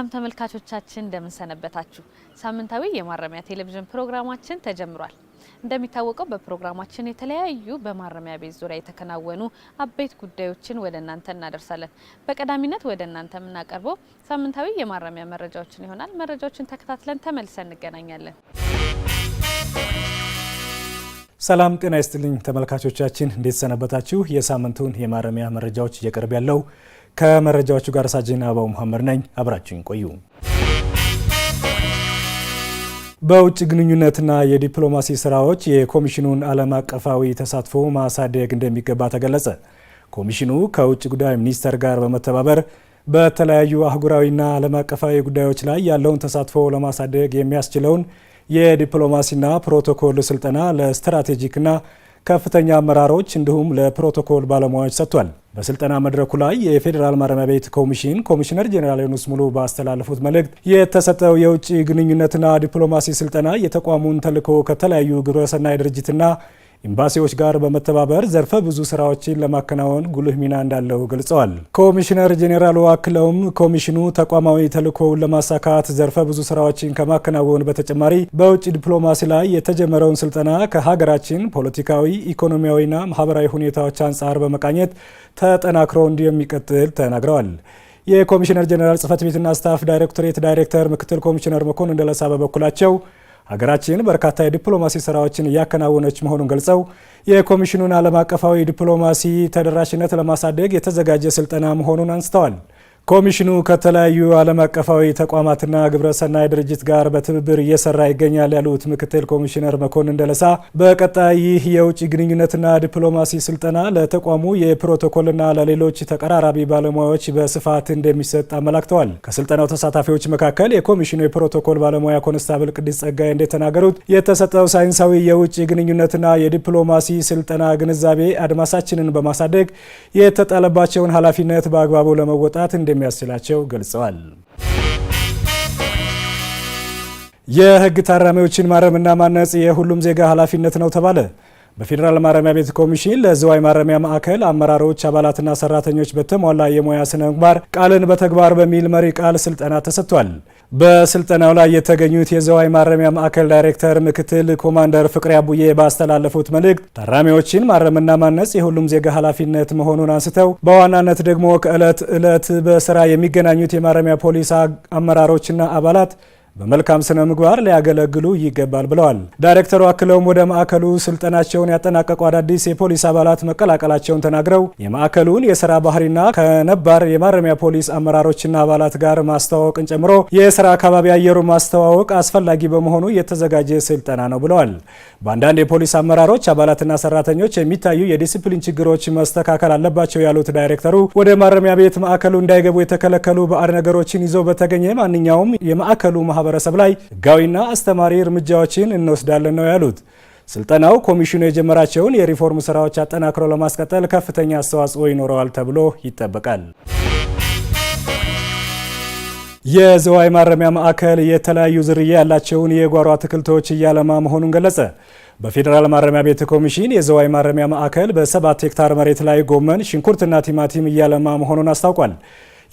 ሰላም ተመልካቾቻችን እንደምንሰነበታችሁ። ሳምንታዊ የማረሚያ ቴሌቪዥን ፕሮግራማችን ተጀምሯል። እንደሚታወቀው በፕሮግራማችን የተለያዩ በማረሚያ ቤት ዙሪያ የተከናወኑ አበይት ጉዳዮችን ወደ እናንተ እናደርሳለን። በቀዳሚነት ወደ እናንተ የምናቀርበው ሳምንታዊ የማረሚያ መረጃዎችን ይሆናል። መረጃዎችን ተከታትለን ተመልሰን እንገናኛለን። ሰላም ጤና ይስጥልኝ ተመልካቾቻችን፣ እንዴት ሰነበታችሁ? የሳምንቱን የማረሚያ መረጃዎች እየቀርብ ያለው ከመረጃዎቹ ጋር ሳጅን አባው መሐመድ ነኝ። አብራችሁኝ ቆዩ። በውጭ ግንኙነትና የዲፕሎማሲ ስራዎች የኮሚሽኑን ዓለም አቀፋዊ ተሳትፎ ማሳደግ እንደሚገባ ተገለጸ። ኮሚሽኑ ከውጭ ጉዳይ ሚኒስቴር ጋር በመተባበር በተለያዩ አህጉራዊና ዓለም አቀፋዊ ጉዳዮች ላይ ያለውን ተሳትፎ ለማሳደግ የሚያስችለውን የዲፕሎማሲና ፕሮቶኮል ስልጠና ለስትራቴጂክና ከፍተኛ አመራሮች እንዲሁም ለፕሮቶኮል ባለሙያዎች ሰጥቷል። በስልጠና መድረኩ ላይ የፌዴራል ማረሚያ ቤት ኮሚሽን ኮሚሽነር ጄኔራል ዮኑስ ሙሉ ባስተላለፉት መልእክት የተሰጠው የውጭ ግንኙነትና ዲፕሎማሲ ስልጠና የተቋሙን ተልዕኮ ከተለያዩ ግብረሰናይ ድርጅትና ኤምባሲዎች ጋር በመተባበር ዘርፈ ብዙ ስራዎችን ለማከናወን ጉልህ ሚና እንዳለው ገልጸዋል። ኮሚሽነር ጄኔራሉ አክለውም ኮሚሽኑ ተቋማዊ ተልዕኮውን ለማሳካት ዘርፈ ብዙ ስራዎችን ከማከናወን በተጨማሪ በውጭ ዲፕሎማሲ ላይ የተጀመረውን ስልጠና ከሀገራችን ፖለቲካዊ፣ ኢኮኖሚያዊና ማህበራዊ ሁኔታዎች አንጻር በመቃኘት ተጠናክሮ እንደሚቀጥል ተናግረዋል። የኮሚሽነር ጄኔራል ጽህፈት ቤትና ስታፍ ዳይሬክቶሬት ዳይሬክተር ምክትል ኮሚሽነር መኮንን ደለሳ በበኩላቸው ሀገራችን በርካታ የዲፕሎማሲ ስራዎችን እያከናወነች መሆኑን ገልጸው የኮሚሽኑን ዓለም አቀፋዊ ዲፕሎማሲ ተደራሽነት ለማሳደግ የተዘጋጀ ስልጠና መሆኑን አንስተዋል። ኮሚሽኑ ከተለያዩ ዓለም አቀፋዊ ተቋማትና ግብረሰናይ ድርጅት ጋር በትብብር እየሰራ ይገኛል ያሉት ምክትል ኮሚሽነር መኮንን ደለሳ በቀጣይ ይህ የውጭ ግንኙነትና ዲፕሎማሲ ስልጠና ለተቋሙ የፕሮቶኮልና ለሌሎች ተቀራራቢ ባለሙያዎች በስፋት እንደሚሰጥ አመላክተዋል። ከስልጠናው ተሳታፊዎች መካከል የኮሚሽኑ የፕሮቶኮል ባለሙያ ኮንስታብል ቅድስ ጸጋይ እንደተናገሩት የተሰጠው ሳይንሳዊ የውጭ ግንኙነትና የዲፕሎማሲ ስልጠና ግንዛቤ አድማሳችንን በማሳደግ የተጣለባቸውን ኃላፊነት በአግባቡ ለመወጣት እንደሚ እንደሚያስችላቸው ገልጸዋል። የህግ ታራሚዎችን ማረምና ማነጽ የሁሉም ዜጋ ኃላፊነት ነው ተባለ። በፌዴራል ማረሚያ ቤት ኮሚሽን ለዝዋይ ማረሚያ ማዕከል አመራሮች፣ አባላትና ሰራተኞች በተሟላ የሙያ ስነ ምግባር ቃልን በተግባር በሚል መሪ ቃል ስልጠና ተሰጥቷል። በስልጠናው ላይ የተገኙት የዘዋይ ማረሚያ ማዕከል ዳይሬክተር ምክትል ኮማንደር ፍቅሬ አቡዬ ባስተላለፉት መልእክት ታራሚዎችን ማረምና ማነጽ የሁሉም ዜጋ ኃላፊነት መሆኑን አንስተው በዋናነት ደግሞ ከዕለት ዕለት በስራ የሚገናኙት የማረሚያ ፖሊስ አመራሮችና አባላት በመልካም ስነ ምግባር ሊያገለግሉ ይገባል ብለዋል። ዳይሬክተሩ አክለውም ወደ ማዕከሉ ስልጠናቸውን ያጠናቀቁ አዳዲስ የፖሊስ አባላት መቀላቀላቸውን ተናግረው የማዕከሉን የስራ ባህሪና ከነባር የማረሚያ ፖሊስ አመራሮችና አባላት ጋር ማስተዋወቅን ጨምሮ የስራ አካባቢ አየሩ ማስተዋወቅ አስፈላጊ በመሆኑ የተዘጋጀ ስልጠና ነው ብለዋል። በአንዳንድ የፖሊስ አመራሮች አባላትና ሰራተኞች የሚታዩ የዲሲፕሊን ችግሮች መስተካከል አለባቸው ያሉት ዳይሬክተሩ ወደ ማረሚያ ቤት ማዕከሉ እንዳይገቡ የተከለከሉ ባዕድ ነገሮችን ይዘው በተገኘ ማንኛውም የማዕከሉ ማህበር ማህበረሰብ ላይ ህጋዊና አስተማሪ እርምጃዎችን እንወስዳለን ነው ያሉት። ስልጠናው ኮሚሽኑ የጀመራቸውን የሪፎርም ስራዎች አጠናክሮ ለማስቀጠል ከፍተኛ አስተዋጽኦ ይኖረዋል ተብሎ ይጠበቃል። የዝዋይ ማረሚያ ማዕከል የተለያዩ ዝርያ ያላቸውን የጓሮ አትክልቶች እያለማ መሆኑን ገለጸ። በፌዴራል ማረሚያ ቤት ኮሚሽን የዝዋይ ማረሚያ ማዕከል በሰባት ሄክታር መሬት ላይ ጎመን፣ ሽንኩርትና ቲማቲም እያለማ መሆኑን አስታውቋል።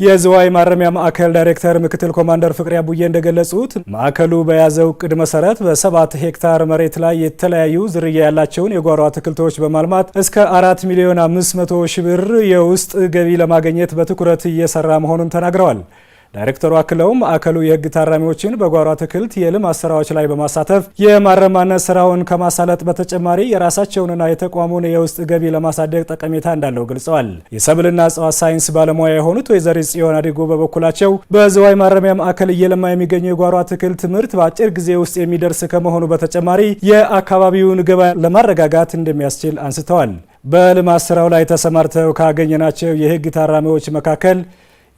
የዝዋይ ማረሚያ ማዕከል ዳይሬክተር ምክትል ኮማንደር ፍቅሪ አቡዬ እንደገለጹት ማዕከሉ በያዘው እቅድ መሰረት በሰባት ሄክታር መሬት ላይ የተለያዩ ዝርያ ያላቸውን የጓሮ አትክልቶች በማልማት እስከ አራት ሚሊዮን አምስት መቶ ሺህ ብር የውስጥ ገቢ ለማግኘት በትኩረት እየሰራ መሆኑን ተናግረዋል። ዳይሬክተሩ አክለው ማዕከሉ የህግ ታራሚዎችን በጓሮ አትክልት የልማት ስራዎች ላይ በማሳተፍ የማረማነት ስራውን ከማሳለጥ በተጨማሪ የራሳቸውንና የተቋሙን የውስጥ ገቢ ለማሳደግ ጠቀሜታ እንዳለው ገልጸዋል። የሰብልና እጽዋት ሳይንስ ባለሙያ የሆኑት ወይዘሪ ጽዮን አዲጎ በበኩላቸው በዝዋይ ማረሚያ ማዕከል እየለማ የሚገኘው የጓሮ አትክልት ምርት በአጭር ጊዜ ውስጥ የሚደርስ ከመሆኑ በተጨማሪ የአካባቢውን ገበያ ለማረጋጋት እንደሚያስችል አንስተዋል። በልማት ስራው ላይ ተሰማርተው ካገኘናቸው የህግ ታራሚዎች መካከል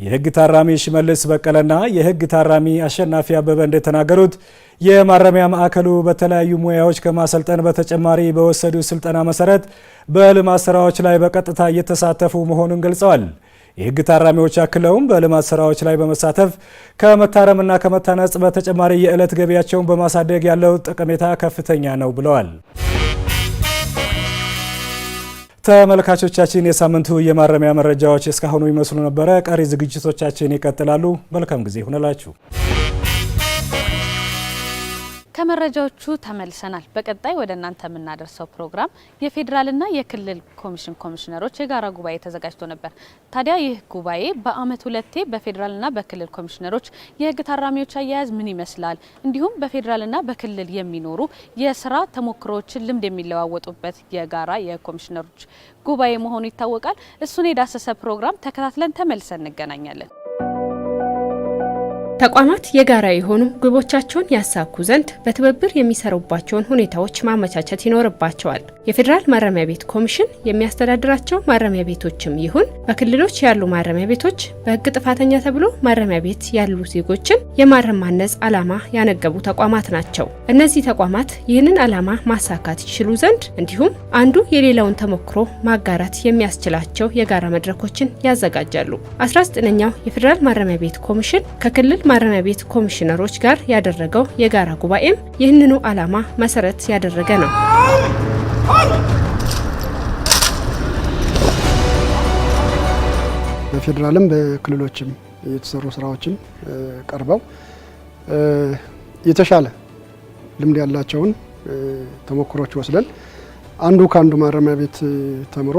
የህግ ታራሚ ሽመልስ በቀለና የህግ ታራሚ አሸናፊ አበበ እንደተናገሩት የማረሚያ ማዕከሉ በተለያዩ ሙያዎች ከማሰልጠን በተጨማሪ በወሰዱ ስልጠና መሰረት በልማት ስራዎች ላይ በቀጥታ እየተሳተፉ መሆኑን ገልጸዋል። የህግ ታራሚዎች አክለውም በልማት ስራዎች ላይ በመሳተፍ ከመታረምና ከመታነጽ በተጨማሪ የዕለት ገቢያቸውን በማሳደግ ያለው ጠቀሜታ ከፍተኛ ነው ብለዋል። ተመልካቾቻችን የሳምንቱ የማረሚያ መረጃዎች እስካሁኑ ይመስሉ ነበረ። ቀሪ ዝግጅቶቻችን ይቀጥላሉ። መልካም ጊዜ ይሁንላችሁ። ከመረጃዎቹ ተመልሰናል። በቀጣይ ወደ እናንተ የምናደርሰው ፕሮግራም የፌዴራልና የክልል ኮሚሽን ኮሚሽነሮች የጋራ ጉባኤ ተዘጋጅቶ ነበር። ታዲያ ይህ ጉባኤ በአመት ሁለቴ በፌዴራልና በክልል ኮሚሽነሮች የህግ ታራሚዎች አያያዝ ምን ይመስላል፣ እንዲሁም በፌዴራልና በክልል የሚኖሩ የስራ ተሞክሮዎችን ልምድ የሚለዋወጡበት የጋራ የኮሚሽነሮች ጉባኤ መሆኑ ይታወቃል። እሱን የዳሰሰ ፕሮግራም ተከታትለን ተመልሰን እንገናኛለን። ተቋማት የጋራ የሆኑ ግቦቻቸውን ያሳኩ ዘንድ በትብብር የሚሰሩባቸውን ሁኔታዎች ማመቻቸት ይኖርባቸዋል። የፌዴራል ማረሚያ ቤት ኮሚሽን የሚያስተዳድራቸው ማረሚያ ቤቶችም ይሁን በክልሎች ያሉ ማረሚያ ቤቶች በሕግ ጥፋተኛ ተብሎ ማረሚያ ቤት ያሉ ዜጎችን የማረም ማነጽ ዓላማ ያነገቡ ተቋማት ናቸው። እነዚህ ተቋማት ይህንን ዓላማ ማሳካት ይችሉ ዘንድ እንዲሁም አንዱ የሌላውን ተሞክሮ ማጋራት የሚያስችላቸው የጋራ መድረኮችን ያዘጋጃሉ። 19ኛው የፌዴራል ማረሚያ ቤት ኮሚሽን ከክልል ማረሚያ ቤት ኮሚሽነሮች ጋር ያደረገው የጋራ ጉባኤም ይህንኑ ዓላማ መሰረት ያደረገ ነው። በፌዴራልም በክልሎችም የተሰሩ ስራዎችን ቀርበው የተሻለ ልምድ ያላቸውን ተሞክሮች ወስደን አንዱ ከአንዱ ማረሚያ ቤት ተምሮ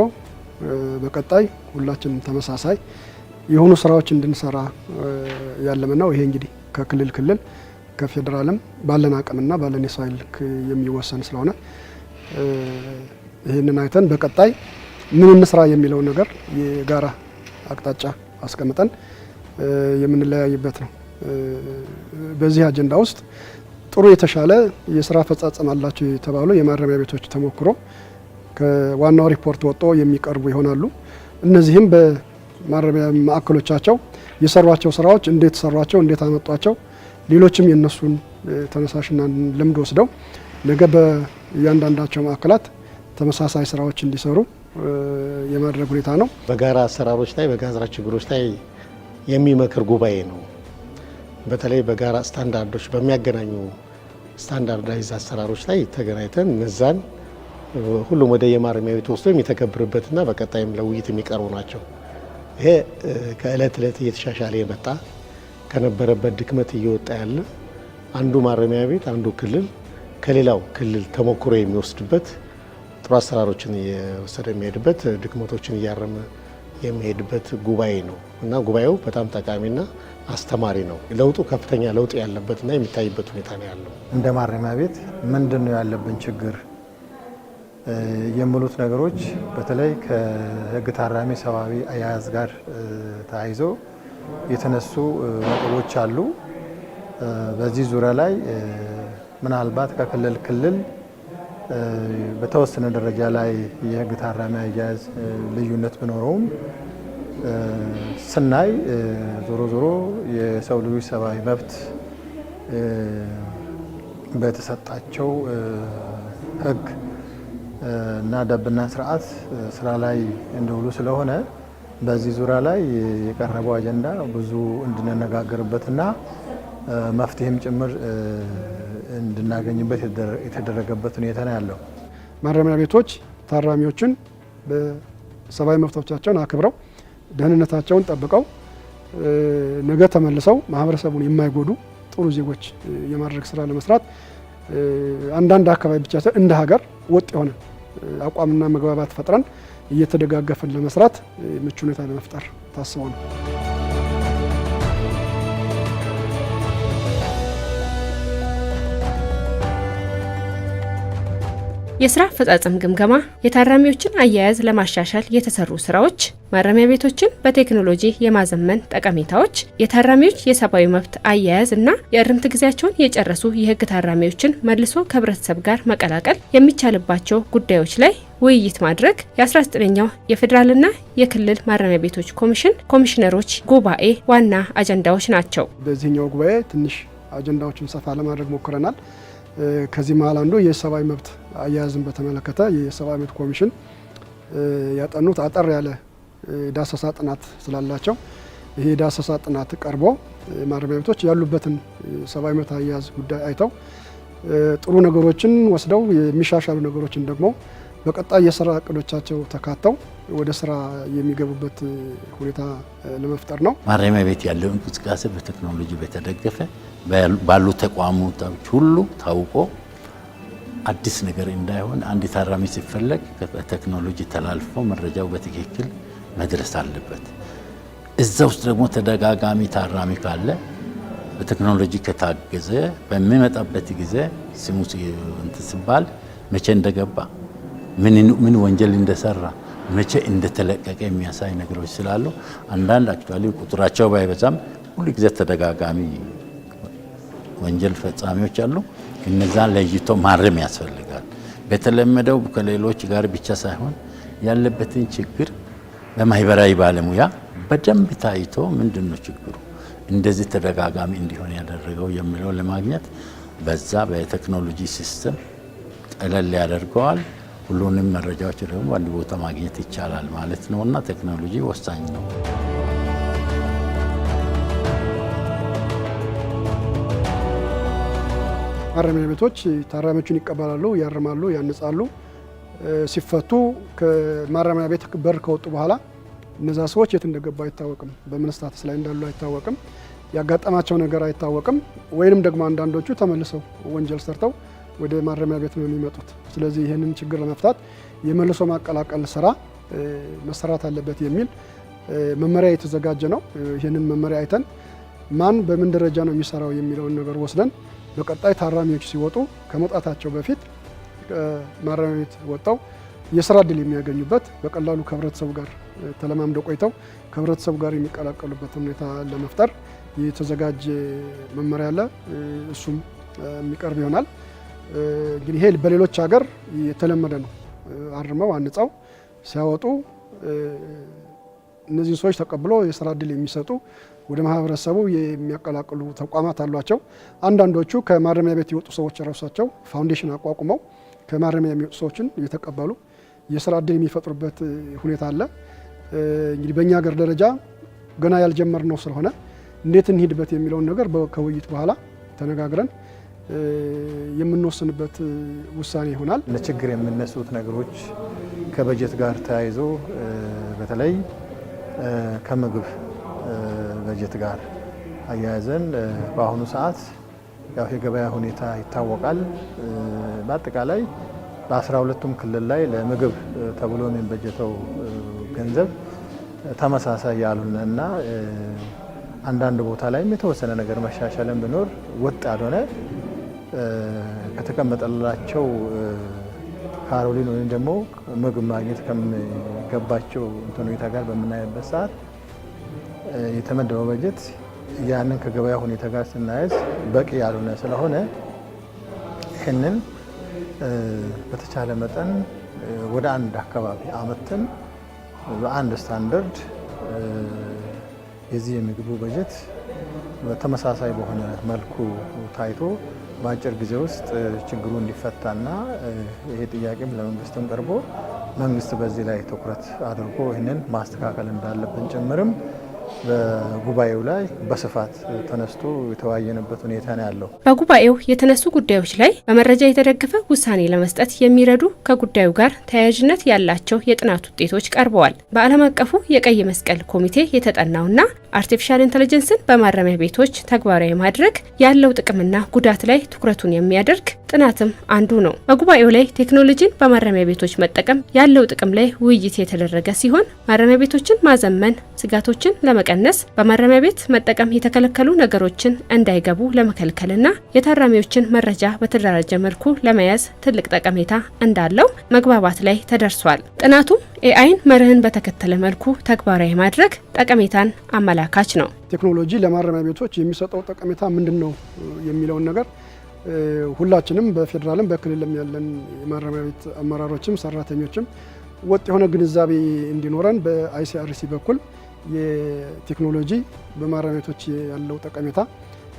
በቀጣይ ሁላችንም ተመሳሳይ የሆኑ ስራዎች እንድንሰራ ያለመ ይሄ እንግዲህ ከክልል ክልል ከፌዴራልም ባለን አቅምና ባለን የሰው ኃይል ልክ የሚወሰን ስለሆነ ይህንን አይተን በቀጣይ ምን እንስራ የሚለውን ነገር የጋራ አቅጣጫ አስቀምጠን የምንለያይበት ነው። በዚህ አጀንዳ ውስጥ ጥሩ የተሻለ የስራ አፈጻጸም አላቸው የተባሉ የማረሚያ ቤቶች ተሞክሮ ከዋናው ሪፖርት ወጥቶ የሚቀርቡ ይሆናሉ። እነዚህም ማረሚያ ማዕከሎቻቸው የሰሯቸው ስራዎች እንዴት ሰሯቸው፣ እንዴት አመጧቸው፣ ሌሎችም የነሱን ተነሳሽና ልምድ ወስደው ነገ በእያንዳንዳቸው ማዕከላት ተመሳሳይ ስራዎች እንዲሰሩ የማድረግ ሁኔታ ነው። በጋራ አሰራሮች ላይ በጋራ ችግሮች ላይ የሚመክር ጉባኤ ነው። በተለይ በጋራ ስታንዳርዶች በሚያገናኙ ስታንዳርዳይዝ አሰራሮች ላይ ተገናኝተን እነዛን ሁሉም ወደ የማረሚያ ቤት ወስዶ የሚተገብርበትና በቀጣይም ለውይይት የሚቀርቡ ናቸው። ይሄ ከእለት እለት እየተሻሻለ የመጣ ከነበረበት ድክመት እየወጣ ያለ አንዱ ማረሚያ ቤት አንዱ ክልል ከሌላው ክልል ተሞክሮ የሚወስድበት ጥሩ አሰራሮችን እየወሰደ የሚሄድበት ድክመቶችን እያረመ የሚሄድበት ጉባኤ ነው እና ጉባኤው በጣም ጠቃሚና አስተማሪ ነው። ለውጡ ከፍተኛ ለውጥ ያለበትና የሚታይበት ሁኔታ ነው ያለው። እንደ ማረሚያ ቤት ምንድን ነው ያለብን ችግር የሚሉት ነገሮች በተለይ ከህግ ታራሚ ሰብአዊ አያያዝ ጋር ተያይዞ የተነሱ ነጥቦች አሉ። በዚህ ዙሪያ ላይ ምናልባት ከክልል ክልል በተወሰነ ደረጃ ላይ የህግ ታራሚ አያያዝ ልዩነት ቢኖረውም ስናይ ዞሮ ዞሮ የሰው ልጆች ሰብአዊ መብት በተሰጣቸው ህግ እና ደንብና ስርዓት ስራ ላይ እንደውሉ ስለሆነ በዚህ ዙሪያ ላይ የቀረበው አጀንዳ ብዙ እንድንነጋገርበትና መፍትሄም ጭምር እንድናገኝበት የተደረገበት ሁኔታ ነው ያለው። ማረሚያ ቤቶች ታራሚዎችን በሰብአዊ መብቶቻቸውን አክብረው ደህንነታቸውን ጠብቀው ነገ ተመልሰው ማህበረሰቡን የማይጎዱ ጥሩ ዜጎች የማድረግ ስራ ለመስራት አንዳንድ አካባቢ ብቻ እንደ ሀገር ወጥ የሆነ አቋምና መግባባት ፈጥረን እየተደጋገፍን ለመስራት ምቹ ሁኔታ ለመፍጠር ታስቦ ነው። የስራ አፈጻጸም ግምገማ፣ የታራሚዎችን አያያዝ ለማሻሻል የተሰሩ ስራዎች፣ ማረሚያ ቤቶችን በቴክኖሎጂ የማዘመን ጠቀሜታዎች፣ የታራሚዎች የሰብአዊ መብት አያያዝ እና የእርምት ጊዜያቸውን የጨረሱ የህግ ታራሚዎችን መልሶ ከህብረተሰብ ጋር መቀላቀል የሚቻልባቸው ጉዳዮች ላይ ውይይት ማድረግ የ19ኛው የፌዴራልና የክልል ማረሚያ ቤቶች ኮሚሽን ኮሚሽነሮች ጉባኤ ዋና አጀንዳዎች ናቸው። በዚህኛው ጉባኤ ትንሽ አጀንዳዎችን ሰፋ ለማድረግ ሞክረናል። ከዚህ መሀል አንዱ የሰብአዊ መብት አያያዝን በተመለከተ የሰብአዊ መብት ኮሚሽን ያጠኑት አጠር ያለ ዳሰሳ ጥናት ስላላቸው ይሄ ዳሰሳ ጥናት ቀርቦ ማረሚያ ቤቶች ያሉበትን ሰብአዊ መብት አያያዝ ጉዳይ አይተው ጥሩ ነገሮችን ወስደው የሚሻሻሉ ነገሮችን ደግሞ በቀጣይ የስራ እቅዶቻቸው ተካተው ወደ ስራ የሚገቡበት ሁኔታ ለመፍጠር ነው። ማረሚያ ቤት ያለው እንቅስቃሴ በቴክኖሎጂ በተደገፈ ባሉ ተቋሞች ሁሉ ታውቆ አዲስ ነገር እንዳይሆን አንድ ታራሚ ሲፈለግ በቴክኖሎጂ ተላልፎ መረጃው በትክክል መድረስ አለበት። እዛ ውስጥ ደግሞ ተደጋጋሚ ታራሚ ካለ በቴክኖሎጂ ከታገዘ በሚመጣበት ጊዜ ስሙ እንትን ሲባል መቼ እንደገባ ምን ወንጀል እንደሰራ መቼ እንደተለቀቀ የሚያሳይ ነገሮች ስላሉ አንዳንድ አክቹዋሊ ቁጥራቸው ባይበዛም ሁሉ ጊዜ ተደጋጋሚ ወንጀል ፈጻሚዎች አሉ። እነዛ ለይቶ ማረም ያስፈልጋል። በተለመደው ከሌሎች ጋር ብቻ ሳይሆን ያለበትን ችግር በማህበራዊ ባለሙያ በደንብ ታይቶ ምንድን ነው ችግሩ እንደዚህ ተደጋጋሚ እንዲሆን ያደረገው የሚለው ለማግኘት በዛ በቴክኖሎጂ ሲስተም ቀለል ያደርገዋል። ሁሉንም መረጃዎች ደግሞ አንድ ቦታ ማግኘት ይቻላል ማለት ነው እና ቴክኖሎጂ ወሳኝ ነው። ማረሚያ ቤቶች ታራሚዎችን ይቀበላሉ፣ ያርማሉ፣ ያነጻሉ። ሲፈቱ ከማረሚያ ቤት በር ከወጡ በኋላ እነዛ ሰዎች የት እንደገቡ አይታወቅም። በምን ላይ እንዳሉ አይታወቅም። ያጋጠማቸው ነገር አይታወቅም። ወይንም ደግሞ አንዳንዶቹ ተመልሰው ወንጀል ሰርተው ወደ ማረሚያ ቤት ነው የሚመጡት። ስለዚህ ይህንን ችግር ለመፍታት የመልሶ ማቀላቀል ስራ መሰራት አለበት የሚል መመሪያ የተዘጋጀ ነው። ይህንን መመሪያ አይተን ማን በምን ደረጃ ነው የሚሰራው የሚለውን ነገር ወስደን በቀጣይ ታራሚዎች ሲወጡ ከመውጣታቸው በፊት ማረሚያ ቤት የስራ እድል የሚያገኙበት በቀላሉ ከህብረተሰቡ ጋር ተለማምደው ቆይተው ከህብረተሰቡ ጋር የሚቀላቀሉበት ሁኔታ ለመፍጠር የተዘጋጀ መመሪያ አለ። እሱም የሚቀርብ ይሆናል። እንግዲህ ይሄ በሌሎች ሀገር የተለመደ ነው። አርመው አንጻው ሲያወጡ እነዚህን ሰዎች ተቀብሎ የስራ እድል የሚሰጡ ወደ ማህበረሰቡ የሚያቀላቅሉ ተቋማት አሏቸው። አንዳንዶቹ ከማረሚያ ቤት የወጡ ሰዎች ራሳቸው ፋውንዴሽን አቋቁመው ከማረሚያ የሚወጡ ሰዎችን እየተቀበሉ የስራ እድል የሚፈጥሩበት ሁኔታ አለ። እንግዲህ በእኛ ሀገር ደረጃ ገና ያልጀመርነው ስለሆነ እንዴት እንሂድበት የሚለውን ነገር ከውይይት በኋላ ተነጋግረን የምንወስንበት ውሳኔ ይሆናል። ለችግር የምነሱት ነገሮች ከበጀት ጋር ተያይዞ በተለይ ከምግብ በጀት ጋር አያያዘን በአሁኑ ሰዓት ያው የገበያ ሁኔታ ይታወቃል። በአጠቃላይ በአስራ ሁለቱም ክልል ላይ ለምግብ ተብሎ የሚበጀተው ገንዘብ ተመሳሳይ ያልሆነ እና አንዳንድ ቦታ ላይም የተወሰነ ነገር መሻሻልን ብኖር ወጥ ያልሆነ ከተቀመጠላቸው ካሮሊን ወይም ደግሞ ምግብ ማግኘት ከሚገባቸው ሁኔታ ጋር በምናየበት ሰዓት የተመደበው በጀት ያንን ከገበያ ሁኔታ ጋር ስናያዝ በቂ ያልሆነ ስለሆነ ይህንን በተቻለ መጠን ወደ አንድ አካባቢ አመትን በአንድ ስታንደርድ የዚህ የምግቡ በጀት ተመሳሳይ በሆነ መልኩ ታይቶ በአጭር ጊዜ ውስጥ ችግሩ እንዲፈታና ይሄ ጥያቄም ለመንግስትም ቀርቦ መንግስት በዚህ ላይ ትኩረት አድርጎ ይህንን ማስተካከል እንዳለብን ጭምርም በጉባኤው ላይ በስፋት ተነስቶ የተወያየንበት ሁኔታ ነው ያለው። በጉባኤው የተነሱ ጉዳዮች ላይ በመረጃ የተደገፈ ውሳኔ ለመስጠት የሚረዱ ከጉዳዩ ጋር ተያያዥነት ያላቸው የጥናት ውጤቶች ቀርበዋል። በዓለም አቀፉ የቀይ መስቀል ኮሚቴ የተጠናውና አርቲፊሻል ኢንተለጀንስን በማረሚያ ቤቶች ተግባራዊ ማድረግ ያለው ጥቅምና ጉዳት ላይ ትኩረቱን የሚያደርግ ጥናትም አንዱ ነው። በጉባኤው ላይ ቴክኖሎጂን በማረሚያ ቤቶች መጠቀም ያለው ጥቅም ላይ ውይይት የተደረገ ሲሆን ማረሚያ ቤቶችን ማዘመን፣ ስጋቶችን ለመቀነስ በማረሚያ ቤት መጠቀም የተከለከሉ ነገሮችን እንዳይገቡ ለመከልከልና የታራሚዎችን መረጃ በተደራጀ መልኩ ለመያዝ ትልቅ ጠቀሜታ እንዳለው መግባባት ላይ ተደርሷል። ጥናቱም ኤአይን መርህን በተከተለ መልኩ ተግባራዊ ማድረግ ጠቀሜታን አመላካች ነው። ቴክኖሎጂ ለማረሚያ ቤቶች የሚሰጠው ጠቀሜታ ምንድን ነው የሚለውን ነገር ሁላችንም በፌዴራልም በክልልም ያለን የማረሚያ ቤት አመራሮችም ሰራተኞችም ወጥ የሆነ ግንዛቤ እንዲኖረን በአይሲአርሲ በኩል የቴክኖሎጂ በማረሚያ ቤቶች ያለው ጠቀሜታ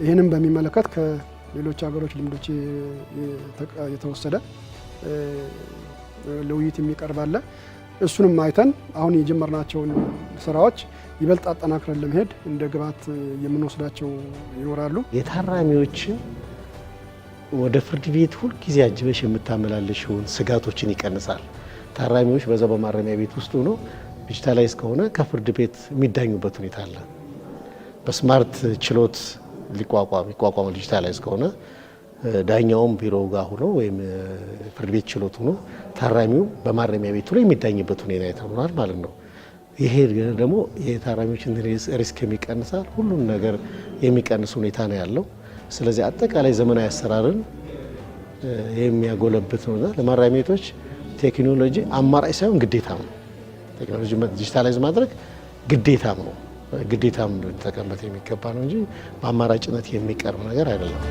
ይህንም በሚመለከት ከሌሎች ሀገሮች ልምዶች የተወሰደ ለውይይት የሚቀርብ አለ። እሱንም አይተን አሁን የጀመርናቸውን ስራዎች ይበልጥ አጠናክረን ለመሄድ እንደ ግብዓት የምንወስዳቸው ይኖራሉ። የታራሚዎችን ወደ ፍርድ ቤት ሁልጊዜ አጅበሽ የምታመላለሽውን ስጋቶችን ይቀንሳል። ታራሚዎች በዛ በማረሚያ ቤት ውስጥ ሆኖ ዲጂታላይዝ ከሆነ ከፍርድ ቤት የሚዳኙበት ሁኔታ አለ። በስማርት ችሎት ሊቋቋም ይቋቋመ ዲጂታላይዝ ከሆነ ዳኛውም ቢሮ ጋር ሆኖ ወይም ፍርድ ቤት ችሎት ሆኖ ታራሚው በማረሚያ ቤት ላይ የሚዳኝበት ሁኔታ ይኖራል ማለት ነው። ይሄ ደግሞ የታራሚዎችን ሪስክ የሚቀንሳል፣ ሁሉን ነገር የሚቀንስ ሁኔታ ነው ያለው። ስለዚህ አጠቃላይ ዘመናዊ አሰራርን የሚያጎለብት ነውና ለማረሚያ ቤቶች ቴክኖሎጂ አማራጭ ሳይሆን ግዴታም ነው። ቴክኖሎጂ ዲጂታላይዝ ማድረግ ግዴታም ነው ግዴታም ነው የሚገባ ነው እንጂ በአማራጭነት የሚቀርብ ነገር አይደለም።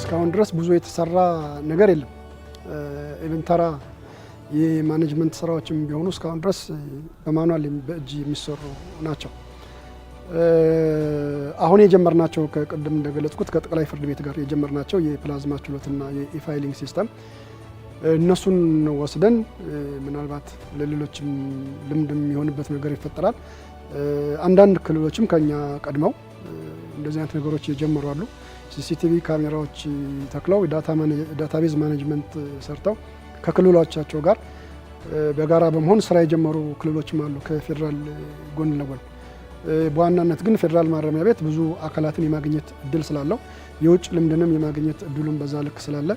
እስካሁን ድረስ ብዙ የተሰራ ነገር የለም። ኢቨንተራ የማኔጅመንት ስራዎችም ቢሆኑ እስካሁን ድረስ በማኗል በእጅ የሚሰሩ ናቸው። አሁን የጀመርናቸው ከቅድም እንደገለጽኩት ከጠቅላይ ፍርድ ቤት ጋር የጀመርናቸው የፕላዝማ ችሎትና የኢፋይሊንግ ሲስተም እነሱን ወስደን ምናልባት ለሌሎችም ልምድ የሚሆንበት ነገር ይፈጠራል። አንዳንድ ክልሎችም ከኛ ቀድመው እንደዚህ አይነት ነገሮች የጀመሩ አሉ። ሲሲቲቪ ካሜራዎች ተክለው ዳታቤዝ ማኔጅመንት ሰርተው ከክልሎቻቸው ጋር በጋራ በመሆን ስራ የጀመሩ ክልሎችም አሉ ከፌዴራል ጎን ለጎን በዋናነት ግን ፌዴራል ማረሚያ ቤት ብዙ አካላትን የማግኘት እድል ስላለው የውጭ ልምድንም የማግኘት እድሉን በዛ ልክ ስላለ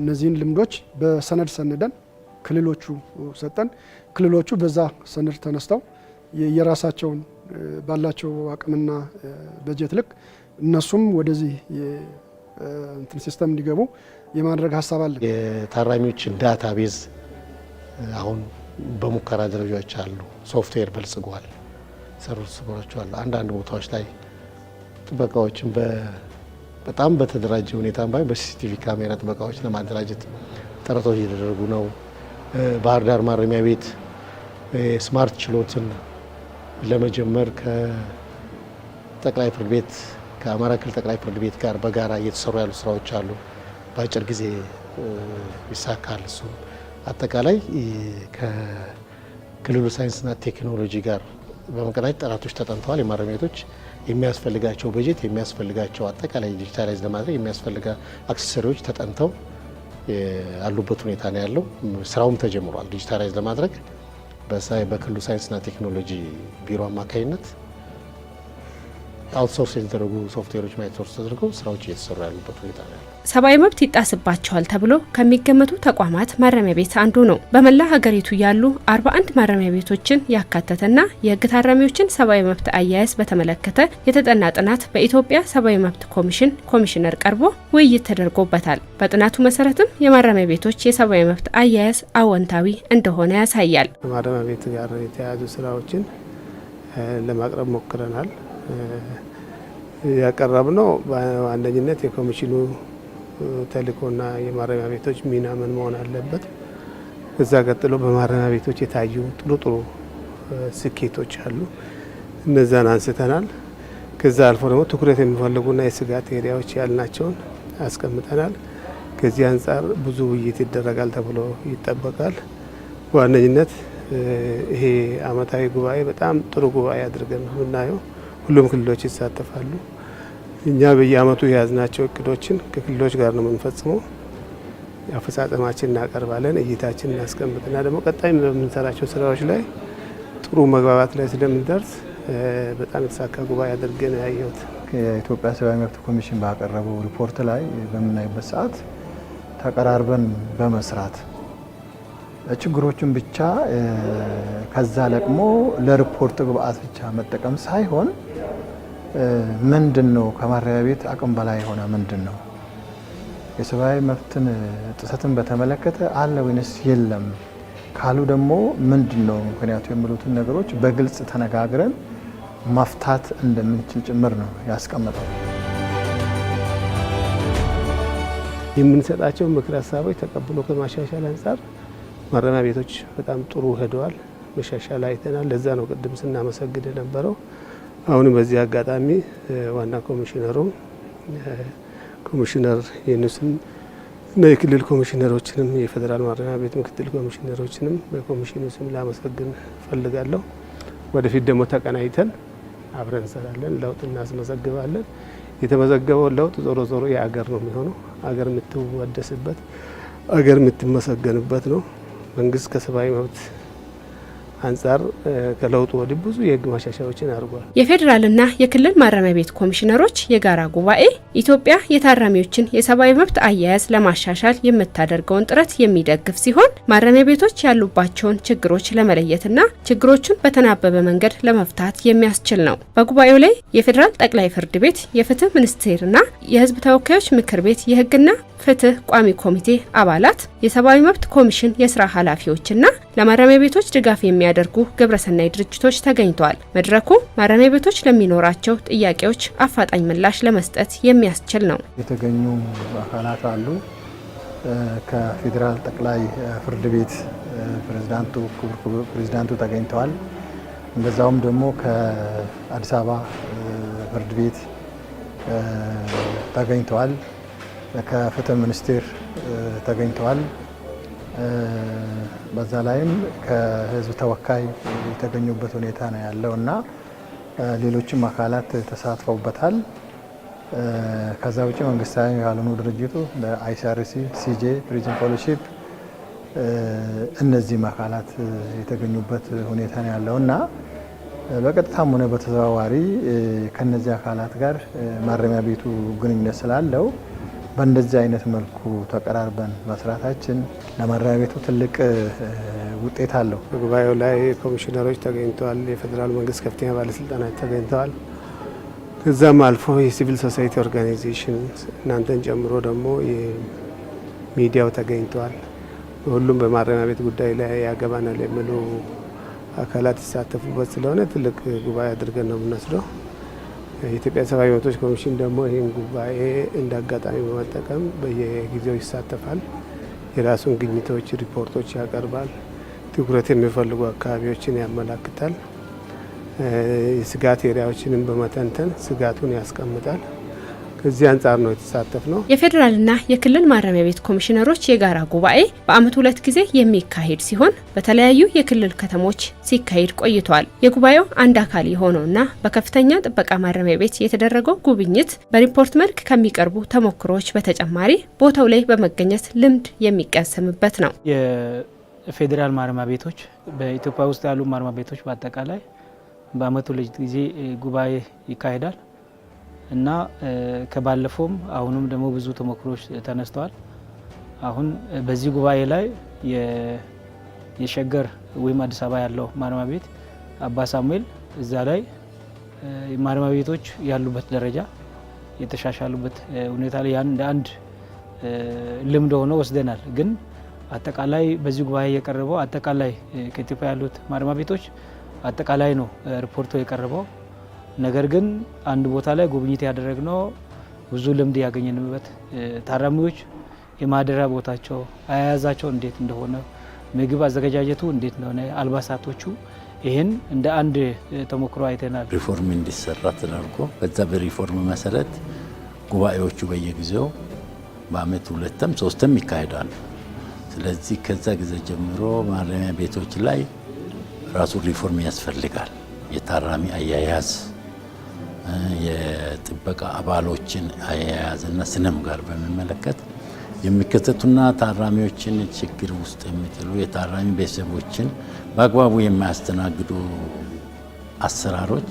እነዚህን ልምዶች በሰነድ ሰንደን ክልሎቹ ሰጠን። ክልሎቹ በዛ ሰነድ ተነስተው የራሳቸውን ባላቸው አቅምና በጀት ልክ እነሱም ወደዚህ ሲስተም እንዲገቡ የማድረግ ሀሳብ አለ። የታራሚዎችን ዳታ ቤዝ አሁን በሙከራ ደረጃዎች አሉ። ሶፍትዌር በልጽጓል፣ ሰሩት ስበሮችዋል። አንዳንድ ቦታዎች ላይ ጥበቃዎችን በጣም በተደራጀ ሁኔታ ባይ በሲሲቲቪ ካሜራ ጥበቃዎች ለማደራጀት ጥረቶች እየተደረጉ ነው። ባህር ዳር ማረሚያ ቤት ስማርት ችሎትን ለመጀመር ከጠቅላይ ፍርድ ቤት ከአማራ ክልል ጠቅላይ ፍርድ ቤት ጋር በጋራ እየተሰሩ ያሉ ስራዎች አሉ። በአጭር ጊዜ ይሳካል። እሱም አጠቃላይ ከክልሉ ሳይንስና ቴክኖሎጂ ጋር በመቀናጀት ጥናቶች ተጠንተዋል። የማረሚያ ቤቶች የሚያስፈልጋቸው በጀት የሚያስፈልጋቸው አጠቃላይ ዲጂታላይዝ ለማድረግ የሚያስፈልጋ አክሰሰሪዎች ተጠንተው ያሉበት ሁኔታ ነው ያለው። ስራውም ተጀምሯል። ዲጂታላይዝ ለማድረግ በክልሉ ሳይንስና ቴክኖሎጂ ቢሮ አማካኝነት አውትሶርስ የተደረጉ ሶፍትዌሮች ማይትሶርስ ተደርገው ስራዎች እየተሰሩ ያሉበት ሁኔታ ነው ያለው። ሰብአዊ መብት ይጣስባቸዋል ተብሎ ከሚገመቱ ተቋማት ማረሚያ ቤት አንዱ ነው። በመላ ሀገሪቱ ያሉ 41 ማረሚያ ቤቶችን ያካተተና የህግ ታራሚዎችን ሰብአዊ መብት አያያዝ በተመለከተ የተጠና ጥናት በኢትዮጵያ ሰብአዊ መብት ኮሚሽን ኮሚሽነር ቀርቦ ውይይት ተደርጎበታል። በጥናቱ መሰረትም የማረሚያ ቤቶች የሰብአዊ መብት አያያዝ አወንታዊ እንደሆነ ያሳያል። ማረሚያ ቤት ጋር የተያያዙ ስራዎችን ለማቅረብ ሞክረናል። ያቀረብ ነው። በአንደኝነት የኮሚሽኑ ተልእኮና የማረሚያ ቤቶች ሚና ምን መሆን አለበት፣ እዛ ቀጥሎ በማረሚያ ቤቶች የታዩ ጥሩ ጥሩ ስኬቶች አሉ፣ እነዛን አንስተናል። ከዛ አልፎ ደግሞ ትኩረት የሚፈልጉና የስጋት ኤሪያዎች ያልናቸውን አስቀምጠናል። ከዚህ አንጻር ብዙ ውይይት ይደረጋል ተብሎ ይጠበቃል። በዋነኝነት ይሄ አመታዊ ጉባኤ በጣም ጥሩ ጉባኤ አድርገን የምናየው ሁሉም ክልሎች ይሳተፋሉ። እኛ በየአመቱ የያዝናቸው እቅዶችን ከክልሎች ጋር ነው የምንፈጽመው። አፈጻጸማችን እናቀርባለን፣ እይታችን እናስቀምጥና ደግሞ ቀጣይ በምንሰራቸው ስራዎች ላይ ጥሩ መግባባት ላይ ስለምንደርስ በጣም የተሳካ ጉባኤ አድርገን ያየሁት የኢትዮጵያ ሰብአዊ መብት ኮሚሽን ባቀረበው ሪፖርት ላይ በምናይበት ሰዓት ተቀራርበን በመስራት ችግሮቹን ብቻ ከዛ ለቅሞ ለሪፖርት ግብአት ብቻ መጠቀም ሳይሆን ምንድን ነው ከማረሚያ ቤት አቅም በላይ የሆነ ምንድን ነው የሰብአዊ መብትን ጥሰትን በተመለከተ አለ ወይንስ የለም ካሉ ደግሞ ምንድን ነው ምክንያቱ የሚሉትን ነገሮች በግልጽ ተነጋግረን ማፍታት እንደምንችል ጭምር ነው ያስቀመጠው። የምንሰጣቸው ምክር ሀሳቦች ተቀብሎ ከማሻሻል አንጻር ማረሚያ ቤቶች በጣም ጥሩ ሄደዋል፣ መሻሻል አይተናል። ለዛ ነው ቅድም ስናመሰግድ የነበረው። አሁንም በዚህ አጋጣሚ ዋና ኮሚሽነሩ ኮሚሽነር የንስን እና የክልል ኮሚሽነሮችንም የፌዴራል ማረሚያ ቤት ምክትል ኮሚሽነሮችንም በኮሚሽኑ ስም ላመሰግን ፈልጋለሁ። ወደፊት ደግሞ ተቀናይተን አብረን እንሰራለን፣ ለውጥ እናስመዘግባለን። የተመዘገበው ለውጥ ዞሮ ዞሮ የአገር ነው የሚሆነው። አገር የምትወደስበት አገር የምትመሰገንበት ነው። መንግስት ከሰብአዊ መብት አንጻር ከለውጡ ወዲህ ብዙ የህግ ማሻሻያዎችን አድርጓል። የፌዴራልና የክልል ማረሚያ ቤት ኮሚሽነሮች የጋራ ጉባኤ ኢትዮጵያ የታራሚዎችን የሰብአዊ መብት አያያዝ ለማሻሻል የምታደርገውን ጥረት የሚደግፍ ሲሆን ማረሚያ ቤቶች ያሉባቸውን ችግሮች ለመለየትና ችግሮቹን በተናበበ መንገድ ለመፍታት የሚያስችል ነው። በጉባኤው ላይ የፌዴራል ጠቅላይ ፍርድ ቤት፣ የፍትህ ሚኒስቴርና የህዝብ ተወካዮች ምክር ቤት የህግና ፍትህ ቋሚ ኮሚቴ አባላት፣ የሰብአዊ መብት ኮሚሽን የስራ ኃላፊዎችና ለማረሚያ ቤቶች ድጋፍ የሚያደርጉ ግብረሰናይ ድርጅቶች ተገኝተዋል። መድረኩ ማረሚያ ቤቶች ለሚኖራቸው ጥያቄዎች አፋጣኝ ምላሽ ለመስጠት የሚያስችል ነው። የተገኙ አካላት አሉ። ከፌዴራል ጠቅላይ ፍርድ ቤት ፕሬዝዳንቱ ክቡር ፕሬዚዳንቱ ተገኝተዋል። እንደዛውም ደግሞ ከአዲስ አበባ ፍርድ ቤት ተገኝተዋል። ከፍትህ ሚኒስቴር ተገኝተዋል። በዛ ላይም ከህዝብ ተወካይ የተገኙበት ሁኔታ ነው ያለው እና ሌሎችም አካላት ተሳትፈውበታል። ከዛ ውጭ መንግስታዊ ያልሆኑ ድርጅቱ ለአይሲአርሲ፣ ሲጄ፣ ፕሪዝን ፎሎሺፕ እነዚህም አካላት የተገኙበት ሁኔታ ነው ያለው እና በቀጥታም ሆነ በተዘዋዋሪ ከነዚህ አካላት ጋር ማረሚያ ቤቱ ግንኙነት ስላለው በእንደዚህ አይነት መልኩ ተቀራርበን መስራታችን ለመስሪያ ቤቱ ትልቅ ውጤት አለው። በጉባኤው ላይ ኮሚሽነሮች ተገኝተዋል። የፌዴራል መንግስት ከፍተኛ ባለስልጣናት ተገኝተዋል። ከዛም አልፎ የሲቪል ሶሳይቲ ኦርጋናይዜሽን እናንተን ጨምሮ ደግሞ የሚዲያው ተገኝተዋል። ሁሉም በማረሚያ ቤት ጉዳይ ላይ ያገባናል የሚሉ አካላት ይሳተፉበት ስለሆነ ትልቅ ጉባኤ አድርገን ነው የምንወስደው። የኢትዮጵያ ሰብአዊ መብቶች ኮሚሽን ደግሞ ይህን ጉባኤ እንደ አጋጣሚ በመጠቀም በየጊዜው ይሳተፋል። የራሱን ግኝቶች፣ ሪፖርቶች ያቀርባል። ትኩረት የሚፈልጉ አካባቢዎችን ያመላክታል። የስጋት ኤሪያዎችንም በመተንተን ስጋቱን ያስቀምጣል። ከዚህ አንጻር ነው የተሳተፍ ነው። የፌዴራልና የክልል ማረሚያ ቤት ኮሚሽነሮች የጋራ ጉባኤ በአመት ሁለት ጊዜ የሚካሄድ ሲሆን በተለያዩ የክልል ከተሞች ሲካሄድ ቆይቷል። የጉባኤው አንድ አካል የሆነውና በከፍተኛ ጥበቃ ማረሚያ ቤት የተደረገው ጉብኝት በሪፖርት መልክ ከሚቀርቡ ተሞክሮዎች በተጨማሪ ቦታው ላይ በመገኘት ልምድ የሚቀሰምበት ነው። የፌዴራል ማረሚያ ቤቶች በኢትዮጵያ ውስጥ ያሉ ማረሚያ ቤቶች በአጠቃላይ በአመቱ ሁለት ጊዜ ጉባኤ ይካሄዳል። እና ከባለፈውም አሁንም ደግሞ ብዙ ተሞክሮች ተነስተዋል። አሁን በዚህ ጉባኤ ላይ የሸገር ወይም አዲስ አበባ ያለው ማረሚያ ቤት አባ ሳሙኤል እዛ ላይ ማረሚያ ቤቶች ያሉበት ደረጃ የተሻሻሉበት ሁኔታ ላይ ያን እንደ አንድ ልምድ ሆኖ ወስደናል። ግን አጠቃላይ በዚህ ጉባኤ የቀረበው አጠቃላይ ከኢትዮጵያ ያሉት ማረሚያ ቤቶች አጠቃላይ ነው ሪፖርቱ የቀረበው። ነገር ግን አንድ ቦታ ላይ ጉብኝት ያደረግነው ብዙ ልምድ ያገኘንበት ታራሚዎች የማደሪያ ቦታቸው አያያዛቸው እንዴት እንደሆነ፣ ምግብ አዘገጃጀቱ እንዴት እንደሆነ፣ አልባሳቶቹ ይህን እንደ አንድ ተሞክሮ አይተናል። ሪፎርም እንዲሰራ ተደርጎ በዛ በሪፎርም መሰረት ጉባኤዎቹ በየጊዜው በአመት ሁለትም ሶስትም ይካሄዳሉ። ስለዚህ ከዛ ጊዜ ጀምሮ ማረሚያ ቤቶች ላይ ራሱ ሪፎርም ያስፈልጋል። የታራሚ አያያዝ የጥበቃ አባሎችን አያያዝና ስነም ጋር በሚመለከት የሚከሰቱና ታራሚዎችን ችግር ውስጥ የሚጥሉ የታራሚ ቤተሰቦችን በአግባቡ የማያስተናግዱ አሰራሮች፣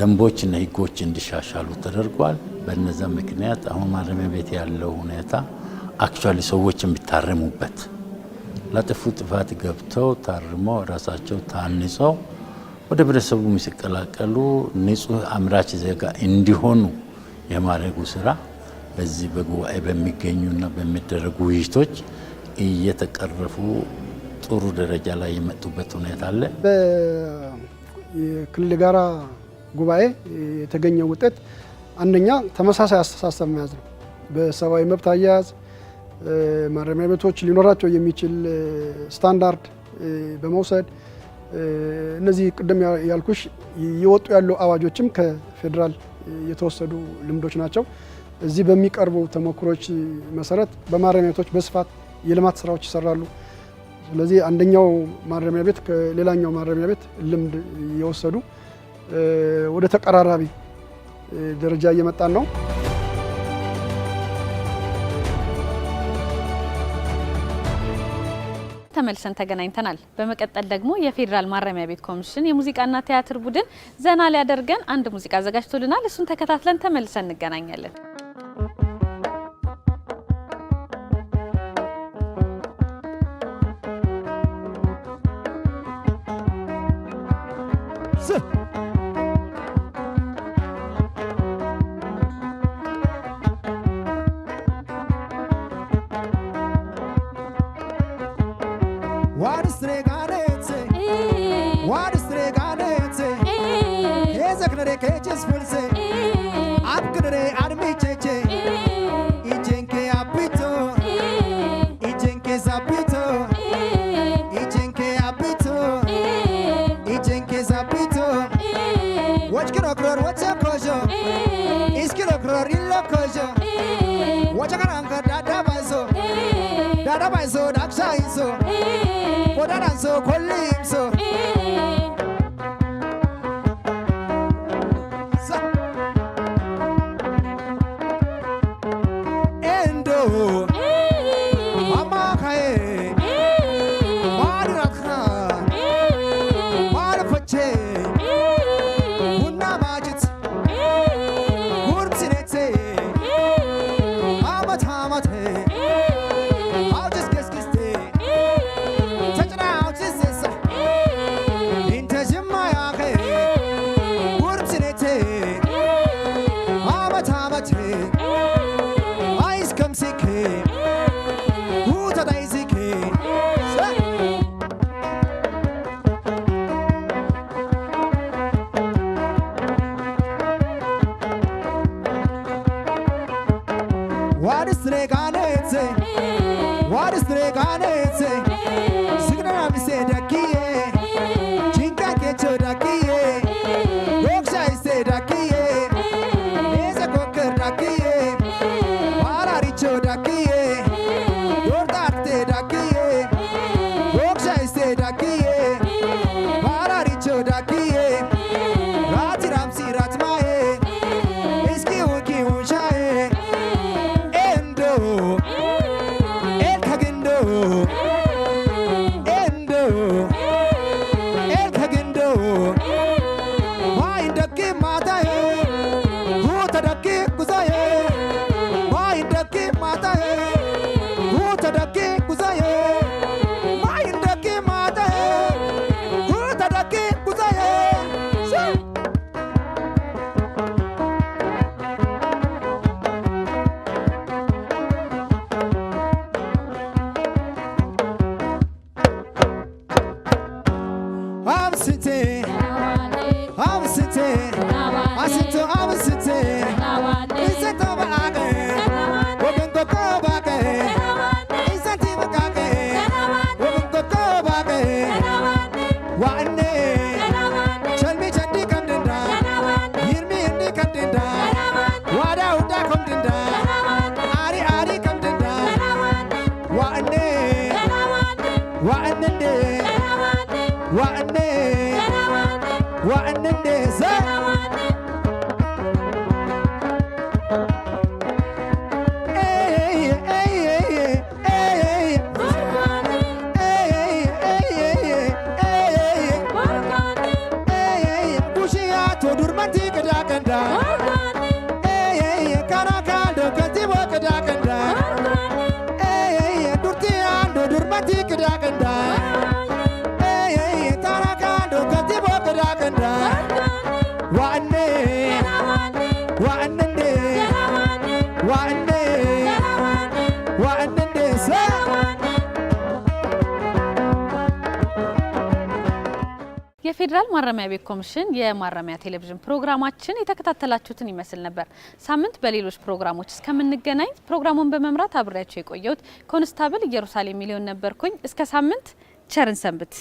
ደንቦችና ህጎች እንዲሻሻሉ ተደርጓል። በነዛ ምክንያት አሁን ማረሚያ ቤት ያለው ሁኔታ አክቹዋሊ ሰዎች የሚታረሙበት ለጥፉ ጥፋት ገብተው ታርሞ ራሳቸው ታንጸው ወደ ህብረተሰቡ ሲቀላቀሉ ንጹህ አምራች ዜጋ እንዲሆኑ የማድረጉ ስራ በዚህ በጉባኤ በሚገኙና በሚደረጉ ውይይቶች እየተቀረፉ ጥሩ ደረጃ ላይ የመጡበት ሁኔታ አለ። በክልል ጋራ ጉባኤ የተገኘው ውጤት አንደኛ ተመሳሳይ አስተሳሰብ መያዝ ነው። በሰብአዊ መብት አያያዝ ማረሚያ ቤቶች ሊኖራቸው የሚችል ስታንዳርድ በመውሰድ እነዚህ ቅድም ያልኩሽ የወጡ ያሉ አዋጆችም ከፌዴራል የተወሰዱ ልምዶች ናቸው። እዚህ በሚቀርቡ ተሞክሮች መሰረት በማረሚያ ቤቶች በስፋት የልማት ስራዎች ይሰራሉ። ስለዚህ አንደኛው ማረሚያ ቤት ከሌላኛው ማረሚያ ቤት ልምድ እየወሰዱ ወደ ተቀራራቢ ደረጃ እየመጣን ነው። ተመልሰን ተገናኝተናል። በመቀጠል ደግሞ የፌዴራል ማረሚያ ቤት ኮሚሽን የሙዚቃና ቲያትር ቡድን ዘና ሊያደርገን አንድ ሙዚቃ አዘጋጅቶልናል። እሱን ተከታትለን ተመልሰን እንገናኛለን። Kadara Maiso, Daksha Iso, Kodara So, Kolim So, What is the Ganese? What is the Ganese? የፌዴራል ማረሚያ ቤት ኮሚሽን የማረሚያ ቴሌቪዥን ፕሮግራማችን የተከታተላችሁትን ይመስል ነበር። ሳምንት በሌሎች ፕሮግራሞች እስከምንገናኝ ፕሮግራሙን በመምራት አብሬያቸው የቆየሁት ኮንስታብል ኢየሩሳሌም ሚሊዮን ነበርኩኝ። እስከ ሳምንት ቸርን ሰንብት።